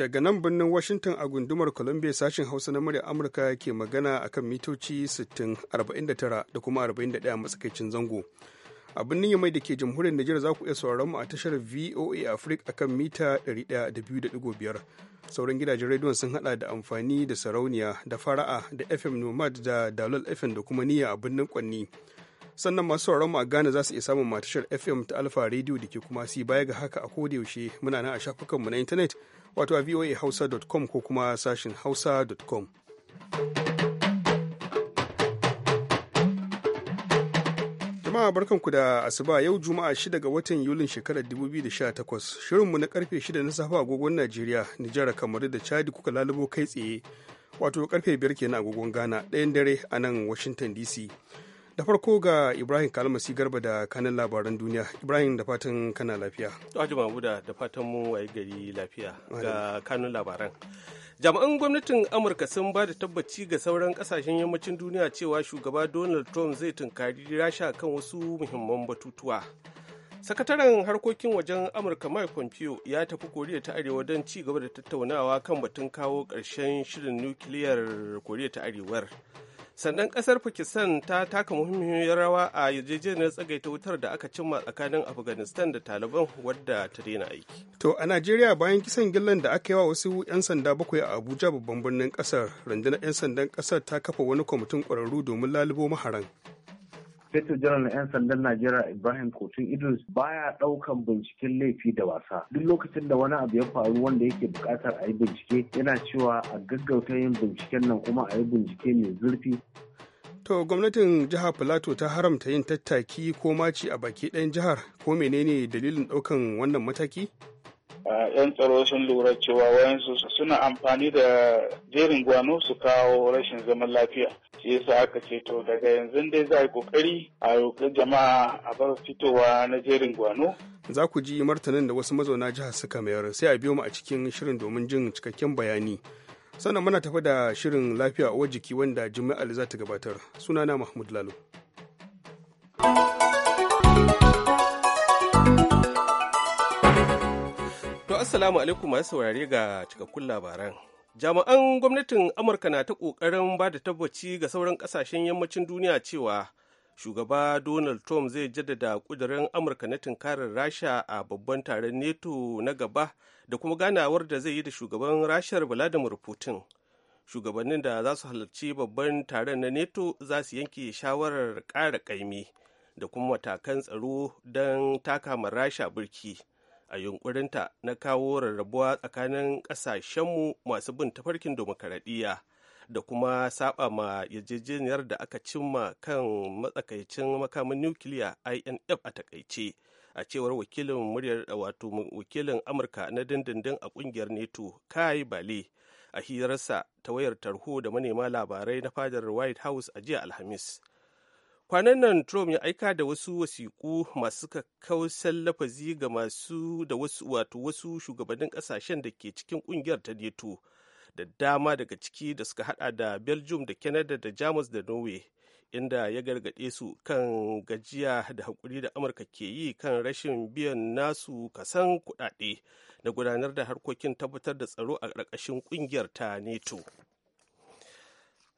daga nan birnin Washington a gundumar Columbia sashen Hausa na murya Amurka ke magana a kan mitoci sittin 49 da kuma 41 a matsakaicin zango. A birnin Yamai da ke jamhuriyar Nijar za ku iya sauraron mu a tashar VOA Africa akan mita 102.5. Sauran gidajen rediyon sun hada da amfani da sarauniya da fara'a da FM Nomad da Dalol FM da kuma niyya a birnin Kwanni. sannan masu sauraron mu a Ghana za su iya samun matashar FM ta alfa Radio da ke kuma si baya ga haka a koda yaushe muna nan a shafukanmu na intanet wato a voa hausa.com ko kuma sashin hausa.com. jama'a ku da asuba yau juma'a 6 ga watan yulin shekarar 2018 shirinmu na karfe 6 na safa agogon najeriya nijar kamaru da chadi kuka lalubo kai tsaye wato karfe 5 kenan agogon ghana ɗayan dare a nan washington dc da farko ga ibrahim kalmasi garba da kanin labaran duniya ibrahim da fatan kana lafiya aji mamuda da fatan mu gari lafiya ga kanun labaran jami'an gwamnatin amurka sun ba da tabbaci ga sauran kasashen yammacin duniya cewa shugaba donald trump zai tunkari rasha kan wasu muhimman batutuwa sakataren harkokin wajen amurka mike pompeo ya tafi koriya ta arewa don ci gaba da tattaunawa kan batun kawo ƙarshen shirin nukiliyar koriya ta arewar sannan kasar pakistan ta taka muhimmiyar rawa a yarjejeniyar tsagaita wutar da aka cimma tsakanin afghanistan da taliban wadda ta daina aiki to a najeriya bayan kisan gillan da aka yi wa wasu 'yan sanda bakwai a abuja babban birnin kasar rundunar 'yan sandan kasar ta kafa wani kwamitin ƙwararru domin lalubo maharan Fetur Janar 'yan sandan Najeriya Ibrahim Kotun Idris baya ɗaukan binciken laifi da wasa. Duk lokacin da wani abu ya faru wanda yake buƙatar a yi bincike yana cewa a gaggauta yin binciken nan kuma a yi bincike mai zurfi. To gwamnatin jihar Filato ta haramta yin tattaki ko maci a baki ɗayan jihar ko menene dalilin ɗaukan wannan mataki? 'yan tsaro sun lura cewa wayansu suna amfani da jerin gwano su kawo rashin zaman lafiya shi yasa aka ce to daga yanzu dai za a yi kokari a roƙi jama'a a bar fitowa na jerin gwano za ku ji martanin da wasu mazauna jihar suka mayar sai a biyo mu a cikin shirin domin jin cikakken bayani sannan muna tafi da shirin lafiya a jiki wanda jima'al za ta gabatar sunana mahmud lalo to assalamu alaikum masu saurare ga cikakkun labaran jami'an gwamnatin amurka na ta ƙoƙarin ba da tabbaci ga sauran ƙasashen yammacin duniya cewa shugaba donald trump zai jaddada ƙudurin amurka na tunkarar rasha a babban taron neto na gaba da kuma ganawar da zai yi da shugaban rashar vladimir putin shugabannin da za su halarci babban taron na neto za su yanke shawarar ƙara ƙaimi da kuma matakan tsaro don taka ma rasha birki a yunkurinta na kawo rarrabuwa tsakanin ƙasashenmu masu bin tafarkin dimokuraɗiyya da kuma saba ma yarjejeniyar da aka cimma kan matsakaicin makamin nukiliya inf a takaice a cewar wakilin muryar wato wakilin amurka na dindindin a kungiyar neto kai bale a hirarsa ta wayar tarho da manema labarai na fadar white house a jiya alhamis kwanan nan trump ya aika da wasu wasiku masu kakkausan lafazi ga masu da wasu wato wasu shugabannin kasashen da ke cikin kungiyar ta neto da dama daga ciki da suka hada da belgium da canada da jamus da norway inda ya gargade su kan gajiya da hakuri da amurka ke yi kan rashin biyan nasu kasan kudade da gudanar da harkokin tabbatar da tsaro a ƙarƙashin kungiyar ta neto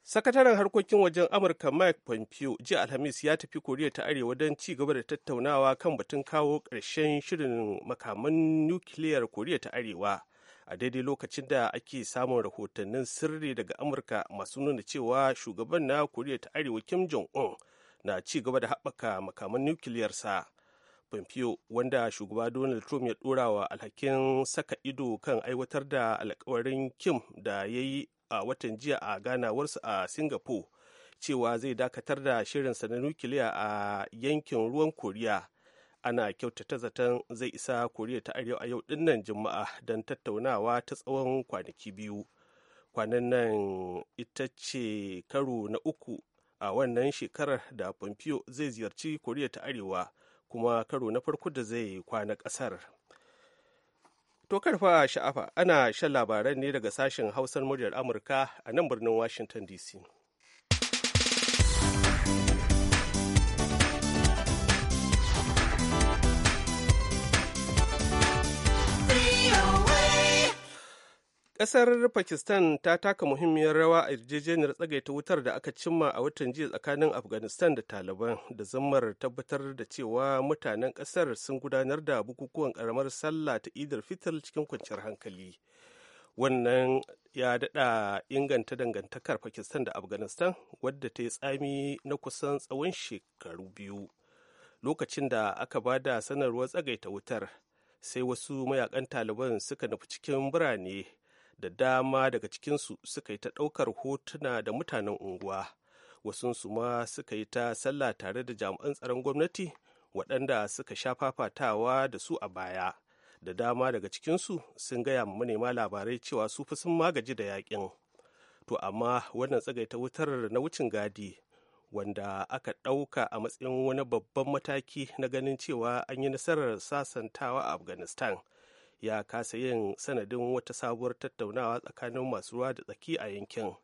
sakataren harkokin wajen amurka mike pompeo ji alhamis ya tafi koriya ta arewa don ci gaba da tattaunawa kan batun kawo ƙarshen shirin makaman nukiliyar koriya ta arewa a daidai lokacin da ake samun rahotannin sirri daga amurka masu nuna cewa shugaban na koriya ta arewa kim jong-un na ci gaba da haɓaka makaman nukiliyarsa pompeo wanda shugaba donald trump ya ɗora wa alhakin saka ido kan aiwatar da alkawarin kim da ya yi a watan jiya a ganawarsu a singapore cewa zai dakatar da shirinsa na nukiliya a yankin ruwan koriya ana kyautata zaton zai isa koriya ta arewa a yau dinnan juma'a don tattaunawa ta tsawon kwanaki biyu kwanan nan ita ce karo na uku a wannan shekarar da pompeo zai ziyarci koriya ta arewa kuma karo na farko da zai kwana ƙasar. kasar To karfa sha'afa ana shan labaran ne daga sashen hausar muryar Amurka a nan birnin Washington DC. Ƙasar Pakistan ta taka muhimmiyar rawa a yarjejeniyar tsagaita wutar da aka cimma a watan jiya tsakanin Afghanistan da Taliban da zammar tabbatar da cewa mutanen ƙasar sun gudanar da bukukuwan ƙaramar sallah ta idar fitar cikin kwanciyar hankali. Wannan ya daɗa inganta dangantakar Pakistan da Afghanistan wadda ta yi tsami na kusan tsawon shekaru biyu. Lokacin da aka ba da sanarwar tsagaita wutar, sai wasu mayakan Taliban suka nufi cikin birane. da dama daga cikinsu suka yi ta ɗaukar hotuna da mutanen unguwa wasunsu ma suka yi ta sallah tare da jami'an tsaron gwamnati waɗanda suka sha fafatawa da su a baya da dama daga cikinsu sun gaya ma manema labarai cewa su fi sun magaji da yakin to amma wannan tsagaita wutar na wucin gadi wanda aka ɗauka a matsayin wani babban mataki na ganin cewa an yi nasarar sasantawa a afghanistan ya kasa yin sanadin wata sabuwar tattaunawa tsakanin masu ruwa da tsaki a yankin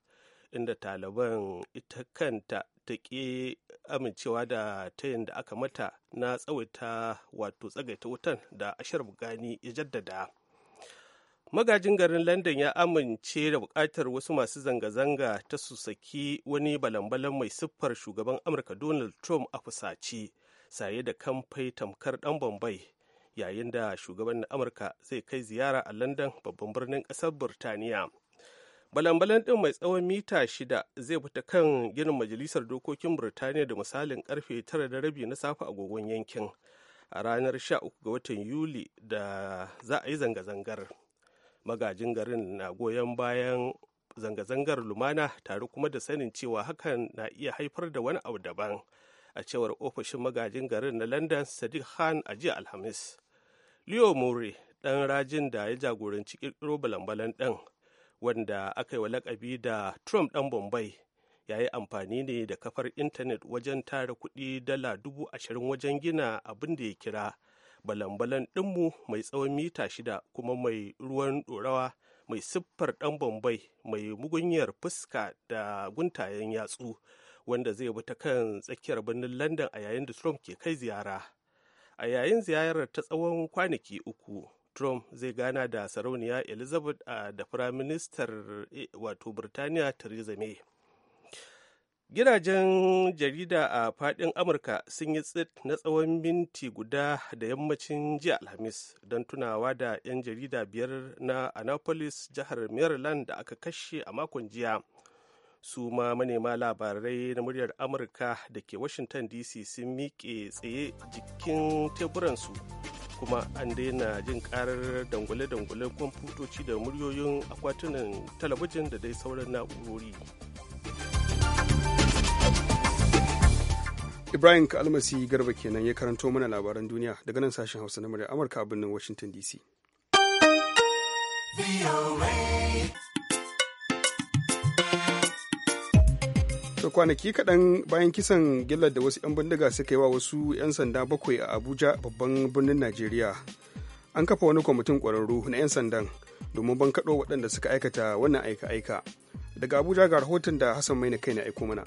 inda taliban ita kanta ta ƙi amincewa da tayin da aka mata na tsawaita wato tsagaita wutan da ashar bugani ya jaddada magajin garin london ya amince da bukatar wasu masu zanga-zanga ta su saki wani balambalan mai siffar shugaban amurka donald trump a fusace saye da kamfai tamkar ɗan bombay yayin da shugaban amurka zai kai ziyara a london babban birnin ƙasar burtaniya balan-balan ɗin mai tsawon mita shida zai fita kan ginin majalisar dokokin burtaniya da misalin karfe tara da rabi na safe agogon yankin a ranar 13 ga watan yuli da za a yi zanga-zangar magajin garin na goyon bayan zanga-zangar lumana tare kuma da sanin cewa hakan na iya haifar da wani abu daban a cewar ofishin magajin garin na london sadiq khan a jiya alhamis leo more ɗan rajin da ya jagoranci ƙirƙiro balan-balan ɗin wanda aka yi wa lakabi da trump ɗan bombay ya yi amfani ne da kafar intanet wajen tara kuɗi dala dubu ashirin wajen gina abin da ya kira balan-balan ɗinmu mai tsawon mita shida kuma mai ruwan ɗorawa mai siffar ɗan bombay mai mugunyar fuska da guntayen yatsu wanda zai bi ta kan tsakiyar birnin london a yayin da trump ke kai ziyara a yayin ziyarar ta tsawon kwanaki uku trump zai gana da sarauniya elizabeth a ah, da firaministar eh, wato birtaniya theresa may gidajen jarida a fadin amurka sun yi tsit na tsawon minti guda da yammacin jiya alhamis don tunawa da 'yan jarida biyar na annapolis jihar maryland da aka kashe a makon jiya su ma manema labarai na muryar amurka da ke washington dc sun miƙe tsaye jikin teburansu kuma an daina jin karar dangule-dangule kwamfutoci da muryoyin akwatunan talabijin da dai sauran na'urori ibrahim kalmasi garba kenan ya karanto mana labaran duniya daga nan sashen hausa na muryar amurka a birnin washington dc to kwanaki kaɗan bayan kisan gillar da wasu 'yan bindiga suka yi wa wasu 'yan sanda bakwai a abuja babban birnin najeriya an kafa wani kwamitin kwararru na 'yan sandan domin bankaɗo waɗanda suka aikata wannan aika-aika daga abuja ga rahoton da hassan mai na kai na aiko mana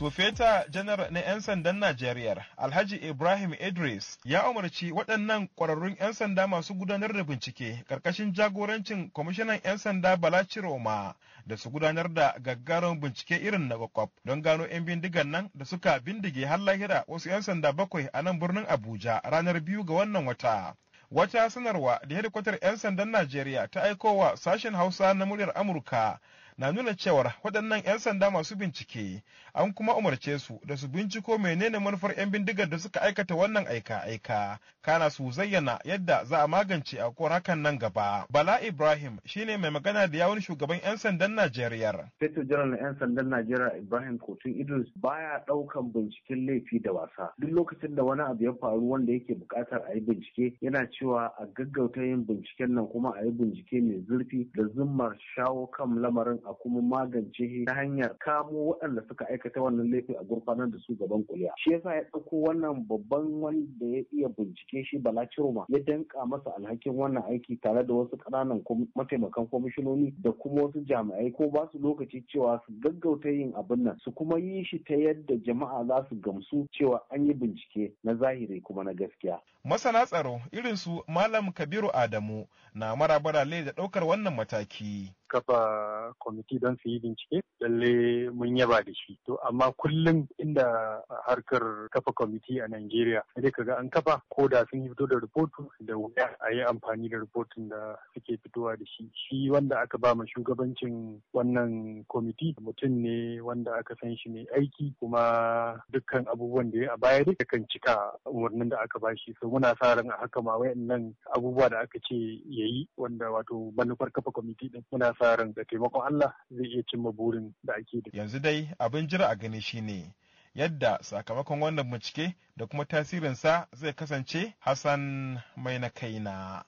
Sufeta janar na 'yan sandan Najeriya, Alhaji Ibrahim Idris, ya umarci waɗannan ƙwararrun 'yan sanda masu gudanar da bincike ƙarƙashin jagorancin kwamishinan 'yan sanda Bala Ciroma da su gudanar da gaggaron bincike irin na kwakwaf don gano 'yan bindigan nan da suka bindige har lahira wasu 'yan sanda bakwai a nan birnin Abuja ranar biyu ga wannan wata. Wata sanarwa da hedikwatar 'yan sandan Najeriya ta aiko wa sashen Hausa na muryar Amurka na nuna cewar waɗannan 'yan sanda masu bincike an kuma umarce su da su binciko menene manufar 'yan bindigar da suka aikata wannan aika-aika kana su zayyana yadda za a magance a hakan nan gaba bala ibrahim shine mai magana da yawun shugaban 'yan sandan najeriya fetur na 'yan sandan najeriya ibrahim kotun idris baya ɗaukan binciken laifi da wasa duk lokacin da wani abu ya faru wanda yake buƙatar a yi bincike yana cewa a gaggauta yin binciken nan kuma a yi bincike mai zurfi da zummar shawo kan lamarin a kuma magance ta hanyar kamo waɗanda suka aikata wannan laifin a gurfanar da su gaban kuliya shi yasa ya ɗauko wannan babban wanda ya iya bincike shi bala ciroma ya danka masa alhakin wannan aiki tare da wasu ƙananan mataimakan kwamishinoni da kuma wasu jami'ai ko ba su lokaci cewa su gaggauta yin abin nan su kuma yi shi ta yadda jama'a za su gamsu cewa an yi bincike na zahiri kuma na gaskiya masana tsaro irin su malam kabiru adamu na marabara da ɗaukar wannan mataki kafa kwamiti don su yi bincike lalle mun yaba da shi to amma kullum inda harkar kafa kwamiti a Najeriya sai kaga an kafa ko da sun fito da rahoto da wuya a yi amfani da rahoton da suke fitowa da shi shi wanda aka ba ma shugabancin wannan kwamiti mutum ne wanda aka san shi ne aiki kuma dukkan abubuwan da ya a baya kan cika umarnin da aka bashi so muna sa ran a haka ma wayannan abubuwa da aka ce yayi wanda wato manufar kafa kwamiti din muna sa ran da taimakon Allah Allah zai iya cimma burin da ake da. Yanzu dai abin jira a gani shine yadda sakamakon wannan bincike da kuma tasirinsa zai kasance Hassan mai na kaina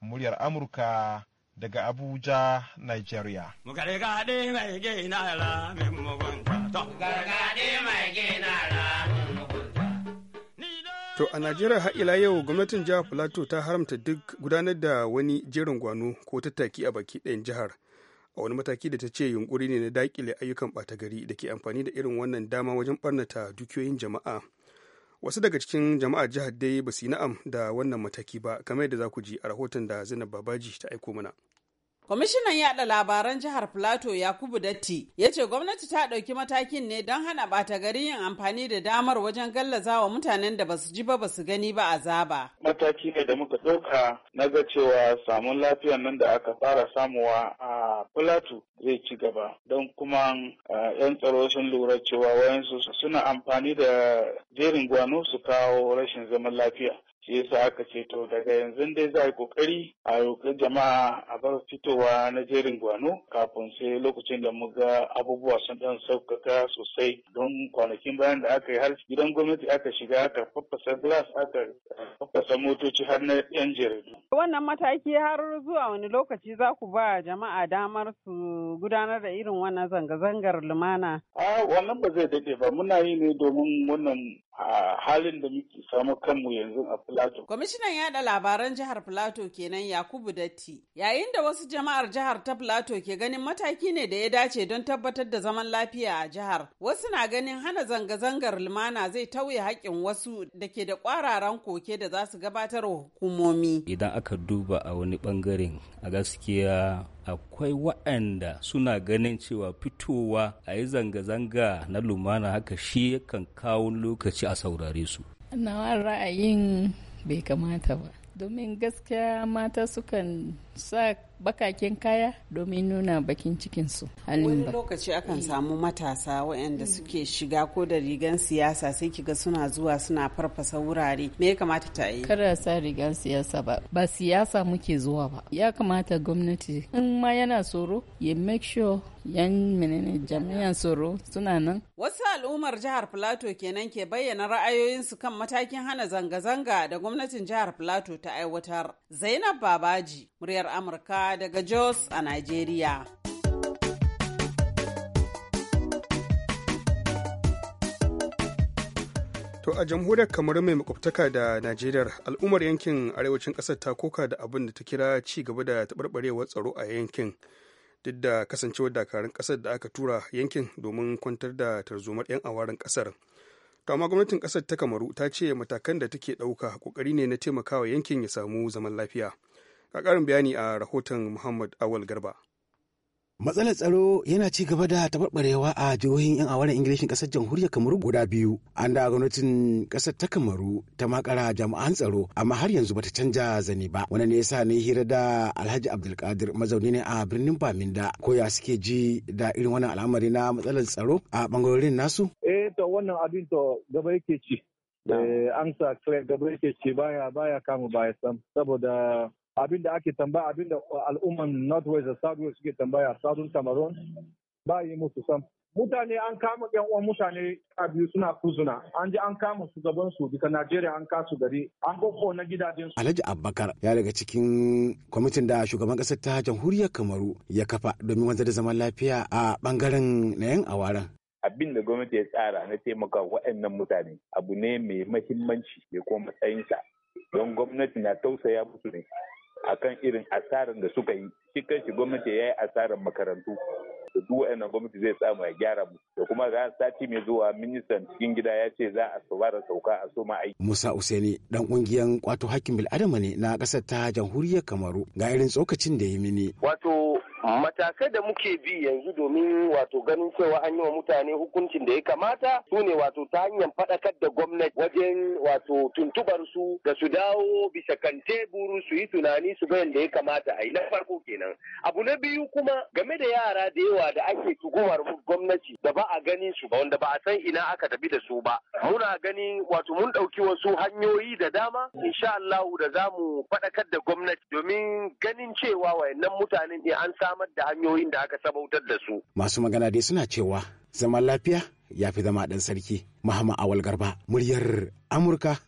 muryar Amurka daga Abuja, Nigeria. To a Najeriya har ila yau gwamnatin jihar Plateau ta haramta duk gudanar da wani jerin gwano ko tattaki a baki ɗayan jihar. a wani mataki da ta ce yunkuri ne na dakile ayyukan ɓata gari da ke amfani da irin wannan dama wajen ɓarnata dukiyoyin jama'a wasu daga cikin jama'a jihar dai ba su yi na'am da wannan mataki ba kamar yadda za ku ji a rahoton da zainab babaji ta aiko mana Kwamishinan yada labaran jihar Plateau Yakubu Datti ya ce gwamnati ta ɗauki matakin ne don hana ɓata gari yin amfani da damar wajen gallaza wa mutanen da basu ji ba basu gani ba azaba. Mataki ne da muka ɗauka na ga cewa samun lafiyan nan da aka fara samuwa a Plateau zai ci gaba don kuma 'yan tsaro sun lura cewa wayansu suna amfani da jerin gwano su kawo rashin zaman lafiya. shi yasa aka ce to daga yanzu dai za a yi kokari a roƙi jama'a a bar fitowa na jerin gwano kafin sai lokacin da muga abubuwa sun dan sauƙaƙa sosai don kwanakin bayan da aka yi har gidan gwamnati aka shiga aka faffasa glass aka faffasa motoci har na yan jaridu. wannan mataki har zuwa wani lokaci za ku ba jama'a damar su gudanar da irin wannan zanga-zangar lumana. a wannan ba zai daɗe ba muna yi ne domin wannan a halin da muke samu kanmu yanzu a Filato. Kwamishinan yada labaran jihar Filato kenan Yakubu Datti. Yayin da wasu jama'ar jihar ta Filato ke ganin mataki ne da ya dace don tabbatar da zaman lafiya a jihar. Wasu na ganin hana zanga-zangar lumana zai tauye haƙƙin wasu da ke da ƙwararan koke da za su gabatar wa hukumomi. Idan aka duba a wani ɓangaren a gaskiya akwai waɗanda suna ganin cewa fitowa a yi zanga-zanga na lumana haka shi yakan kawo lokaci a saurare su nawa ra'ayin bai kamata ba domin gaskiya mata sukan sa bakakin kaya domin nuna bakin cikinsu halin ba. lokaci akan samu matasa waɗanda suke shiga ko da rigan siyasa sai kiga suna zuwa suna farfasa wurare me ya kamata ta yi kada sa rigan siyasa ba ba siyasa muke zuwa ba ya kamata gwamnati in ma yana tsoro ya make sure yan menene jami'an tsoro suna nan wasu al'ummar jihar plateau kenan ke bayyana ra'ayoyinsu kan matakin hana zanga-zanga da gwamnatin jihar plateau ta aiwatar zainab babaji muryar muryar Amurka daga Jos a Najeriya. To a jamhuriyar kamar mai makwabtaka da Najeriya al'ummar yankin arewacin ƙasar ta koka da abin da ta kira ci gaba da taɓarɓarewar tsaro a yankin duk da kasancewar dakarun ƙasar da aka tura yankin domin kwantar da tarzomar 'yan awarin ƙasar. To amma gwamnatin ƙasar ta Kamaru ta ce matakan da take ɗauka ƙoƙari ne na taimakawa yankin ya samu zaman lafiya. ga karin bayani a rahoton muhammad awal garba matsalar tsaro yana ci gaba da taɓarɓarewa a jihohin 'yan awaren ingilishin ƙasar jamhuriyar kamaru guda biyu an da gwamnatin ƙasar ta kamaru ta makara jami'an tsaro amma har yanzu bata canja zani ba wani ne yasa ne hira da alhaji abdulkadir mazauni ne a birnin baminda ko ya suke ji da irin wannan al'amari na matsalar tsaro a bangarorin nasu eh to wannan abin to gaba yake ci eh, amsa gaba yake ci baya baya kama baya sam saboda abin da ake tambaya abin da al'umman northwest da southwest suke tambaya southern cameroon ba yi musu sam mutane an kama yan uwan mutane a biyu suna kuzuna an ji an kama su gaban su bisa najeriya an kasu gari an koko na gidajen su alhaji abubakar ya daga cikin kwamitin da shugaban kasar ta jamhuriyar kamaru ya kafa domin wanzar da zaman lafiya a bangaren na yan awaren abin da gwamnati ya tsara na taimaka waɗannan mutane abu ne mai mahimmanci ya kuma matsayinsa don gwamnati na tausaya musu ne akan irin asarin da suka yi shi kanshi gwamnati ya yi asarin makarantu da duk wa'annan gwamnati zai samu ya gyara mu da kuma ga sati mai zuwa ministan cikin gida ya ce za a fara sauka a soma aiki. Musa Useni dan kungiyan kwato hakkin bil'adama ne na kasar ta jamhuriyar Kamaru ga irin tsokacin da ya mini. Wato matakai da muke bi yanzu domin wato ganin cewa an yi wa mutane hukuncin da ya kamata su ne wato ta hanyar faɗakar da gwamnati wajen wato tuntubar su da su dawo bisa kan teburu su yi tunani su bayan da ya kamata a yi na farko kenan abu na biyu kuma game da yara da yawa da ake tuhumar gwamnati da ba a ganin su ba wanda ba a san ina aka tafi da su ba muna gani wato mun ɗauki wasu hanyoyi da dama insha Allahu da zamu mu faɗakar da gwamnati domin ganin cewa wayannan mutanen ne an sa samar da hanyoyin da aka sabautar da su. Masu magana dai suna cewa zaman lafiya ya fi zama ɗan sarki. Muhammad Awal Garba, muryar Amurka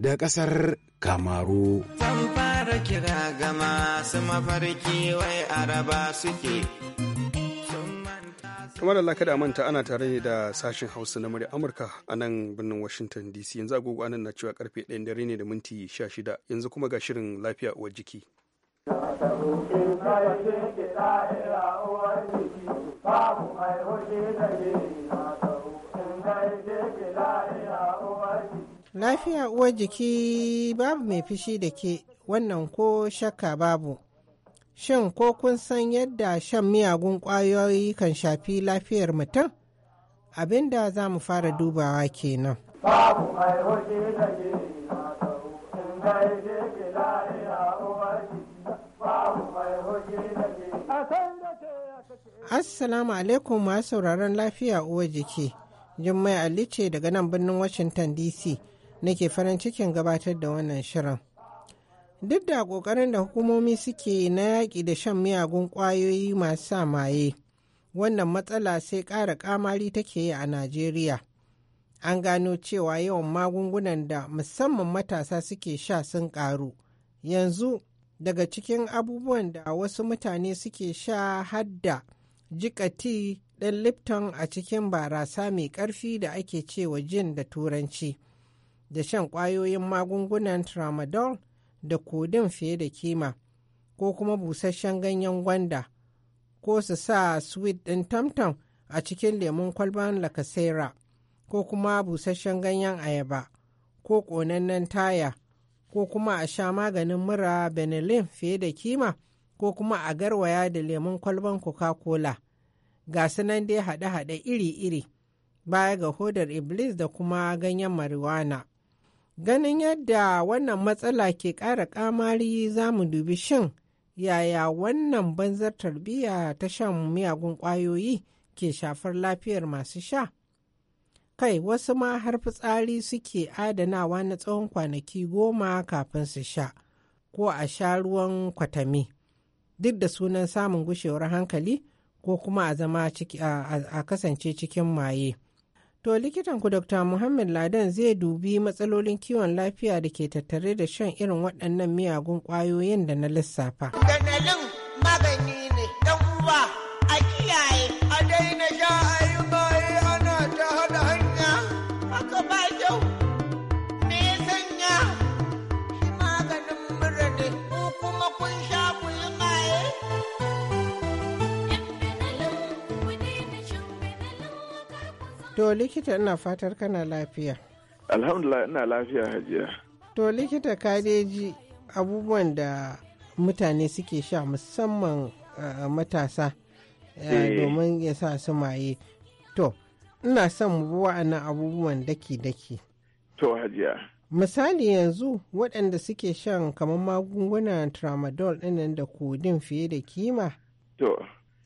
da ƙasar Kamaru. Zan fara kira ga masu mafarki wai araba suke. kamar da kada manta ana tare da sashen hausa na murya amurka a nan birnin washington dc yanzu agogo anan na cewa karfe 1 dare ne da minti 16 yanzu kuma ga shirin lafiya uwar jiki Lafiya uwar jiki babu mai fishi da ke wannan ko shakka babu. Shin ko kun san yadda shan miyagun ƙwayoyi kan shafi lafiyar mutum? Abinda za mu fara dubawa kenan. Babu mai hoji da ke in ke lafiya uwar jiki. Assalamu alaikum masu sauraron lafiya uwa jiki. Jummai Ali ce daga nan birnin Washington DC nake farin cikin gabatar da wannan shirin. Duk da ƙoƙarin da hukumomi suke na yaƙi da shan miyagun ƙwayoyi masu sa maye, wannan matsala sai ƙara ƙamari take yi a Najeriya. An gano cewa yawan magungunan da musamman matasa suke sha sun ƙaru. Yanzu daga cikin abubuwan da wasu mutane suke sha hadda ti ɗin lipton a cikin barasa mai ƙarfi da ake cewa jin da turanci da shan ƙwayoyin magungunan tramadol da kodin fiye da kima ko kuma busasshen ganyen gwanda ko su sa sweet ɗin tamtam a cikin lemun kwalban lakasera ko kuma busasshen ganyen ayaba ko ƙonannen taya ko kuma a sha maganin mura benelin fiye da kima ko kuma a garwaya da lemon kwalban coca-cola ga sunan dai haɗe-haɗe iri-iri baya ga hodar iblis da kuma ganyen marijuana ganin yadda wannan matsala ke ƙara ƙamari za mu dubi shin yaya wannan banzar tarbiyya ta shan miyagun ƙwayoyi ke shafar lafiyar masu sha kai wasu ma har fitsari suke adanawa na tsawon kwanaki goma kafin su sha ko a sha ruwan kwatami duk da sunan samun gushewar hankali ko kuma a zama a kasance cikin maye. To likitanku Dr. Muhammad Ladan zai dubi matsalolin kiwon lafiya da ke tattare da shan irin waɗannan miyagun ƙwayoyin da na lissafa. To likita ina fatar kana lafiya. Alhamdulillah ina lafiya hajiya. To likita kadeji abubuwan da mutane suke sha musamman eh, matasa eh, eh. domin ya sa su maye. To, ina son mu wa'annan abubuwan daki-daki. To hajiya. Misali yanzu waɗanda suke shan kamar magungunan tramadol ɗinnan da kodin fiye da kima.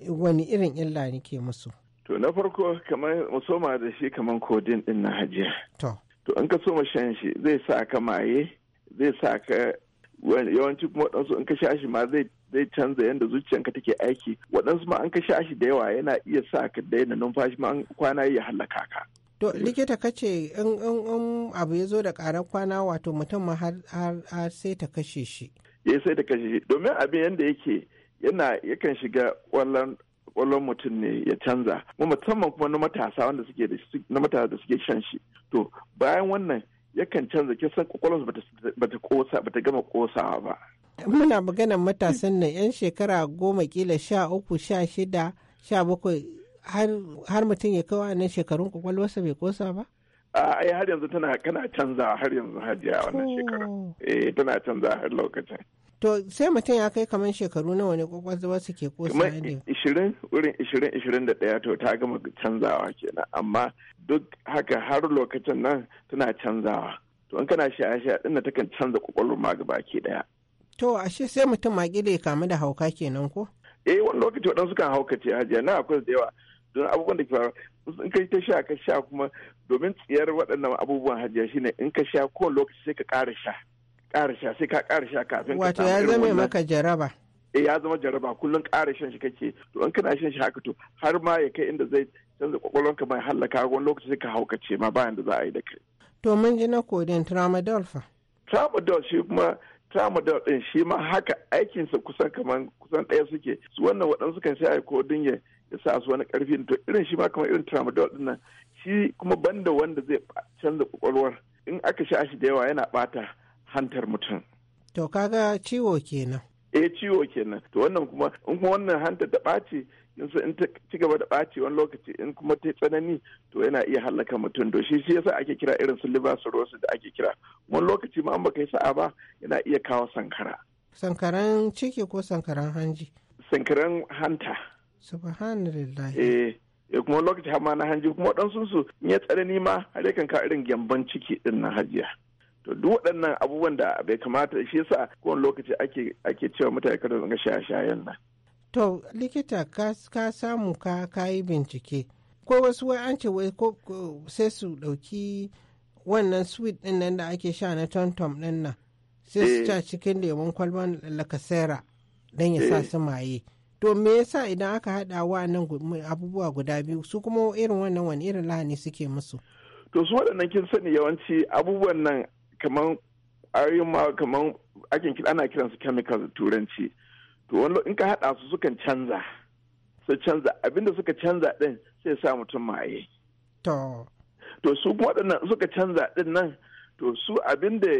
Wani irin illa nake musu? To na farko kamar musoma da shi kamar kodin din na hajiya. To. To in ka soma shan shi zai sa ka maye zai sa ka yawanci kuma waɗansu in ka sha shi ma zai canza yadda zuciyanka take aiki waɗansu ma an ka sha shi da yawa yana iya sa ka daina numfashi ma kwana ya hallaka ka. To likita ka ce in abu ya zo da ƙarar kwana wato mutum ma har sai ta kashe shi. Ya eh, sai ta kashe shi domin abin yadda yake yana yakan shiga kwallon. kwakwalwar mutum ne ya canza musamman kuma na matasa wanda suke na matasa da suke shan shi to bayan wannan yakan canza kisan kwakwalwarsa bata kosa bata gama kosawa ba muna maganar matasan nan yan shekara goma kila sha uku sha shida sha bakwai har mutum ya kawo nan shekarun kwakwalwarsa bai kosa ba ai har yanzu tana kana canza har yanzu hajiya wannan shekara eh tana canza har lokacin to sai mutum ya kai kamar shekaru nawa ne kwakwalwa su ke kosa ne ishirin wurin ishirin ishirin da ɗaya to ta gama canzawa kenan amma duk haka har lokacin nan tana canzawa to in kana sha sha ɗin kan canza kwakwalwa ma gaba ke ɗaya to ashe sai mutum ma ya kamu da hauka kenan ko eh wani lokaci waɗansu kan ce hajiya na akwai da yawa don abubuwan da ke faru in ka ta sha ka sha kuma domin tsiyar waɗannan abubuwan hajiya shine in ka sha ko lokaci sai ka ƙara sha karisha sai ka karisha kafin ka wato ya zama maka jaraba E ya zama jaraba kullum ƙara shi kake to in kana shan shi haka to har ma ya kai inda zai canza kwakwalwarka mai hallaka wani lokaci sai ka haukace ma bayan da za a yi da kai to mun ji na kodin tramadol fa tramadol shi kuma tramadol din shi ma haka aikinsa kusan kaman kusan ɗaya suke su wannan waɗansu kan sai a ko ya sa su wani ƙarfi to irin shi ma kamar irin tramadol din nan shi kuma banda wanda zai canza kwakwalwar in aka sha shi da yawa yana ɓata hantar mutum. To kaga ciwo kenan. Eh ciwo kenan. To wannan kuma in kuma wannan hantar da ɓaci in su in ta ci gaba da ɓaci wani lokaci in kuma ta tsanani to yana iya halaka mutum to shi yasa ake kira irin su liver cirrhosis da ake kira wani lokaci ma an baka yi sa'a ba yana iya kawo sankara. Sankaran ciki ko sankaran hanji? Sankaran hanta. Subhanallah. Eh ya eh, kuma lokaci har ma na hanji kuma waɗansu su in ya tsanani ma har yakan kawo irin gyamban ciki din na hajiya. to duk waɗannan abubuwan da bai kamata shi yasa kowane lokaci ake ake cewa mutane kada su shaye-shayen nan to likita ka samu ka kayi bincike ko wasu wai an ce wai ko sai su ɗauki wannan sweet ɗin nan da ake sha na tom ɗin nan sai su ca eh. cikin lemon kwalban lakasera don ya sa eh. su maye to me yasa idan aka haɗa wa nan abubuwa guda biyu su kuma irin wannan wani irin lahani suke musu to su waɗannan kin sani yawanci abubuwan nan kaman ayoyin ma kaman ake ana kiran su chemicals da turanci to wani in ka haɗa su sukan canza su canza abinda suka canza din sai sa mutum maye to to su kuma waɗannan suka canza din nan to su abinda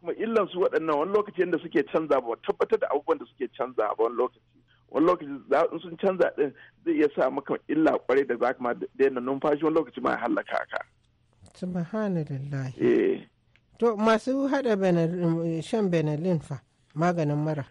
kuma illan su waɗannan wani lokaci yadda suke canza ba tabbatar da abubuwan da suke canza ba wani lokaci wani lokaci sun canza din zai iya sa maka illa kwarai da za ma daina numfashi wani lokaci ma halaka ka eh To masu hada um, shan benelin fa maganin mara.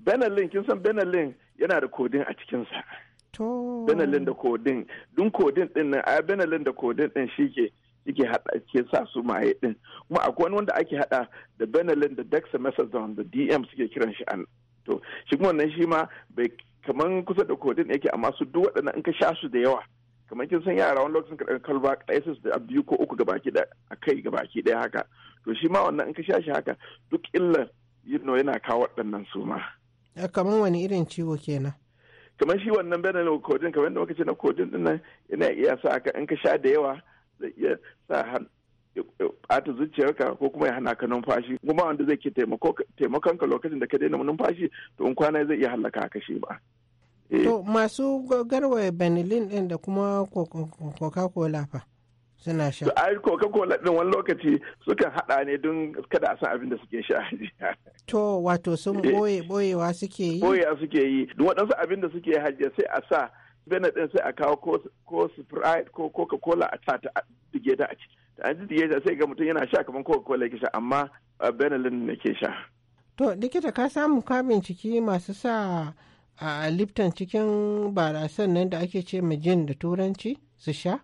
Benelin kin san benelin yana da kodin a cikinsa. To. Benelin da kodin. Dun kodin din nan a benelin da kodin din shi ke ke hada ke sa su maye din. Kuma akwai wani wanda ake hada da benelin da dexamethasone da DM suke kiran shi an. To shi kuma wannan shi ma bai kaman kusa da kodin yake amma su duk waɗannan in ka sha su da yawa. kamar kin san yara wani lokacin ka ɗaga kalba ɗaya da biyu ko uku gabaki ɗaya a kai gabaki ɗaya haka to shi ma wannan in ka sha shi haka duk illar yino yana kawo waɗannan suma. ma. kamar wani irin ciwo kenan. kamar shi wannan benelin kodin kamar yadda muka ce na kodin din nan yana iya sa ka in ka sha da yawa zai iya sa ɓata zuciyarka ko kuma ya hana ka numfashi kuma wanda zai ke taimakon ka lokacin da ka daina numfashi to in kwana zai iya hallaka ka shi ba. Eh. To masu garwaye benelin din da kuma coca-cola fa. suna sha ai coca cola din wani lokaci sukan haɗa ne don kada a san abin da suke sha to wato sun boye eh. boyewa suke yi boyewa suke yi duk waɗansu abin da suke hajiya sai a sa bene ɗin sai a kawo ko sprite ko coca cola a ta ta dige ta a ciki ta an dige ta sai ga mutum yana sha kamar coca cola yake sha amma benelin ne ke sha to likita ka samu ka binciki masu sa a lipton cikin barasan nan da ake ce ma jin da turanci su sha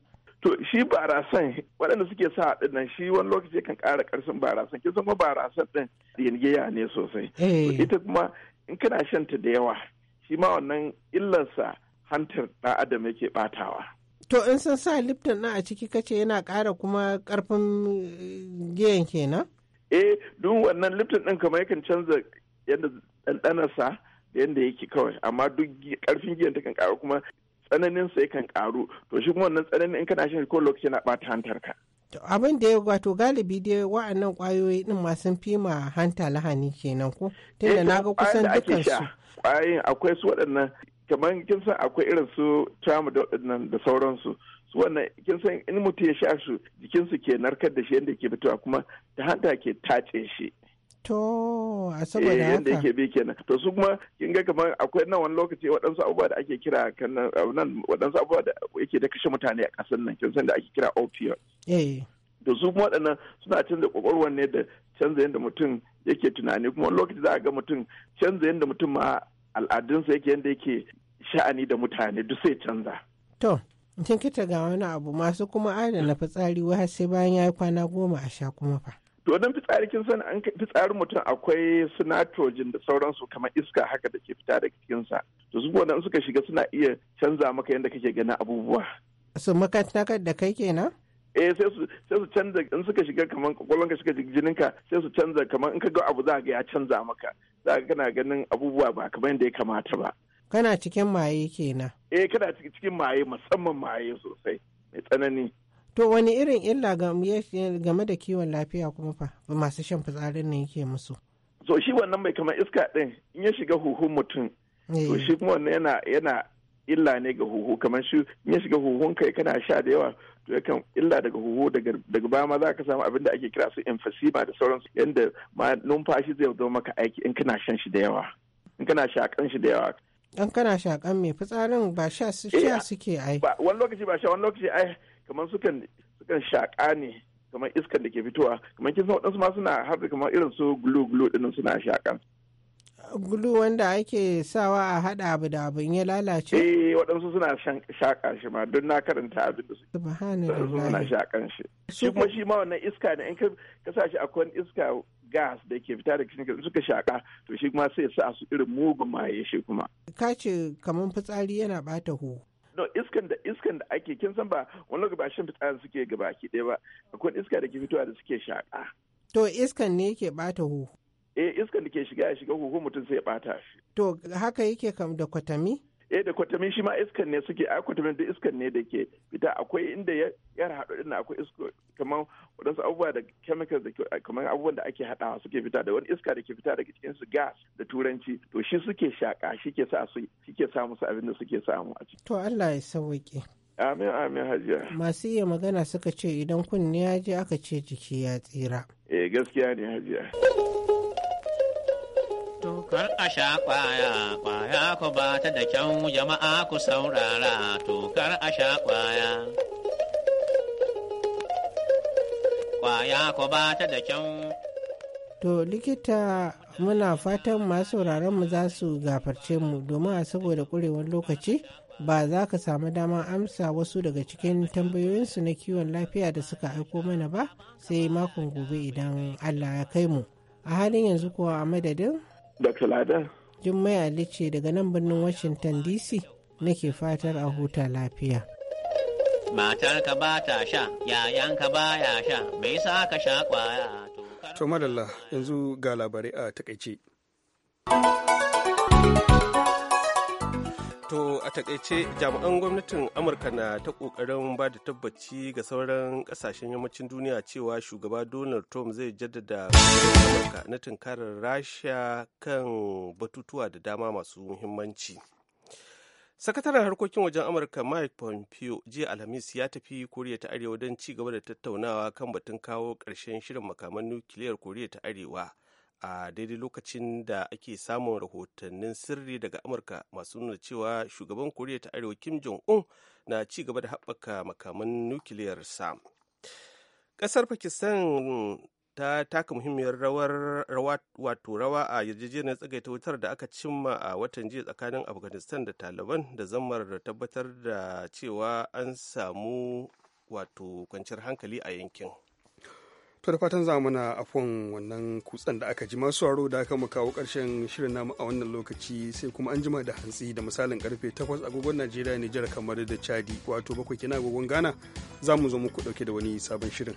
to shi barasan waɗanda suke sa haɗin nan shi wani lokaci kan ƙara ƙarshen barasan kin san kuma barasan ɗin yanigeya ne sosai ita kuma in kana shan ta da yawa shi ma wannan illarsa hantar ɗan adam yake ɓatawa to in sun sa lipton na a ciki kace yana ƙara kuma ƙarfin eh, giyan kenan eh duk wannan lipton ɗin kamar yakan canza yadda ɗanɗanarsa da yadda yake kawai amma duk ƙarfin giyan ta kan ƙara kuma tsananin sa yakan karu to shi kuma wannan tsananin in kana shan ko lokaci yana bata hantar ka abin da ya wato galibi dai wa'annan kwayoyi din ma sun fi ma hanta lahani kenan ko tunda eh na ga kusan dukkan su kwayoyin akwai su waɗannan kamar kin san akwai irin su tramu da waɗannan da sauransu su wannan kin san in mutum ya sha su jikinsu ke narkar da shi yadda ke fitowa kuma ta hanta ke tace shi To, a saboda eh, haka. Yadda yake bi kenan. To su kuma kin ga kamar akwai nan wani lokaci waɗansu abubuwa da ake kira kan waɗansu abubuwa da yake da kashe mutane a ƙasar nan kin san da ake kira opioid. Eh. To su kuma waɗannan suna canza kwakwalwar ne da canza yadda mutum yake tunani kuma wani lokaci za a ga mutum canza yadda mutum ma al'adunsa yake yadda yake sha'ani da mutane duk sai canza. To, kin kita ga wani abu masu kuma adana fitsari wa sai bayan ya yi kwana goma a sha kuma fa. Dodon fitsari kin san an fitsarin mutum akwai su nitrogen da sauransu kamar iska haka da ke fita daga cikinsa. To su wannan suka shiga suna iya canza maka yadda kake ganin abubuwa. Su makantakar da kai kenan? eh sai su sai su canza in suka shiga kamar kwakwalwar ka shiga jinin ka. sai su canza kamar in ka ga abu za ga ya canza maka za ka kana ganin abubuwa ba kamar yadda ya kamata ba kana cikin maye kenan eh kana cikin maye musamman maye sosai mai tsanani to wani irin illa game da kiwon lafiya kuma fa masu shan fitsarin ne yake musu so shi wannan mai kamar iska ɗin in ya shiga huhun mutum to eh. shi kuma wannan yana yana illa ne ga huhu kamar shi in ya shiga huhun kai kana sha da yawa to ya kan illa daga huhu daga baya ma za ka samu abin da ake kira su emphysema da sauransu yanda ma numfashi zai zo maka aiki in kana shan shi da yawa in kana shakan shi da yawa in kana shakan mai fitsarin ba sha su eh, sha suke ai wani lokaci ba sha wani lokaci ai kamar sukan sukan shaƙa ne kamar iskan da ke fitowa kamar kin san waɗansu ma suna haɗa kamar irin su gulu gulu ɗinnan suna shaƙa. gulu wanda ake sawa a haɗa abu da abin ya lalace? Eh waɗansu suna shaƙa shi ma don na karanta abin da su. Subhanallah. suna shaƙan shi. Shi kuma shi ma wannan iska ne in ka sa shi akwai iska gas da ke fita daga cikin suka shaƙa to shi kuma sai sa su irin mugun maye shi kuma. Ka ce kamar fitsari yana ɓata huhu. no iskan da iskan da ake kin san ba wani lokaci ba shan fitsari suke gaba ki ɗaya ba akwai iska da ke fitowa da suke shaƙa. to iskan ne yake bata huhu. eh iskan da ke shiga ya shiga huhu mutum sai ya bata shi. to haka yake kam da kwatami. eh da kwatamin shi ma iskan ne suke ai kwatamin da iskan ne da ke fita akwai inda yar haɗu din akwai isko kamar wadansu abubuwa da chemicals da kamar abubuwan da ake haɗawa suke fita da wani iska da ke fita daga cikin su gas da turanci to shi suke shaka shi ke sa su shi ke sa musu abin da suke samu a ciki to Allah ya sauke Amin amin hajiya. Masu iya magana suka ce idan kunne ya je aka ce jiki ya tsira. Eh gaskiya ne hajiya. kar a sha kwaya kwaya ku ba ta da kyau jama'a ku saurara to kar a sha kwaya kwaya ku ba ta da kyau to likita muna fatan masu mu za su gafarce mu domin a saboda kurewar lokaci ba za ka samu damar amsa wasu daga cikin tambayoyinsu na kiwon lafiya da suka aiko mana ba sai makon gobe idan allah ya kai mu a halin yanzu kuwa a madadin Dr. Ladan. Jummai Ali ce daga nan birnin Washington DC nake fatar a huta lafiya. Matarka ba ta sha, yayanka ba ya sha, me yasa ka sha kwaya? To madalla yanzu ga labarai a takaice. To a takaice jami'an gwamnatin Amurka na ta kokarin ba da tabbaci ga sauran kasashen yammacin duniya cewa shugaba Donald Trump zai jaddada Amurka na tunkarar Rasha kan batutuwa da dama masu muhimmanci. Sakataren harkokin wajen Amurka Mike Pompeo jiya Alhamis ya tafi Koriya ta Arewa don ci gaba da tattaunawa kan batun kawo ƙarshen shirin makaman nukiliyar Koriya ta Arewa. a daidai lokacin da ake samun rahotannin sirri daga amurka masu nuna cewa shugaban koriya ta arewa kim jong-un na ci gaba da haɓaka makaman nukiliyar sa ƙasar pakistan ta taka muhimmiyar rawa wato rawa a yarjejeniyar tsagaita wutar da aka cimma a watan jiya tsakanin afghanistan da taliban da zamar da tabbatar da cewa an samu wato kwanciyar hankali a yankin to da fatan zamana a afon wannan kutsen da aka ji masu aro da aka mu kawo karshen shirin namu a wannan lokaci sai kuma an jima da hantsi da misalin karfe 8 agogon najeriya nijar kamar da chadi wato bakwai kina agogon ghana za mu zo muku dauke da wani sabon shirin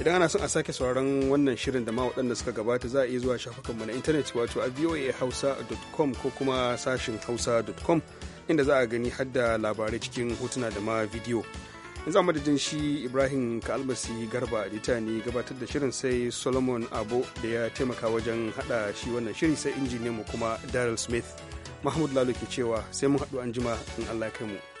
idan ana son a sake sauran wannan shirin da ma waɗanda suka gabata za a iya zuwa shafukanmu na intanet wato a voahausa.com ko kuma sashin hausa.com inda za a gani hadda labarai cikin hotuna da ma bidiyo. yanzu madadin shi ibrahim kalmasi garba da ne gabatar da shirin sai solomon abo da ya taimaka wajen hada shi wannan shiri sai mu kuma daryl smith mahmud lalo ke cewa sai mun haɗu an jima in allah kai mu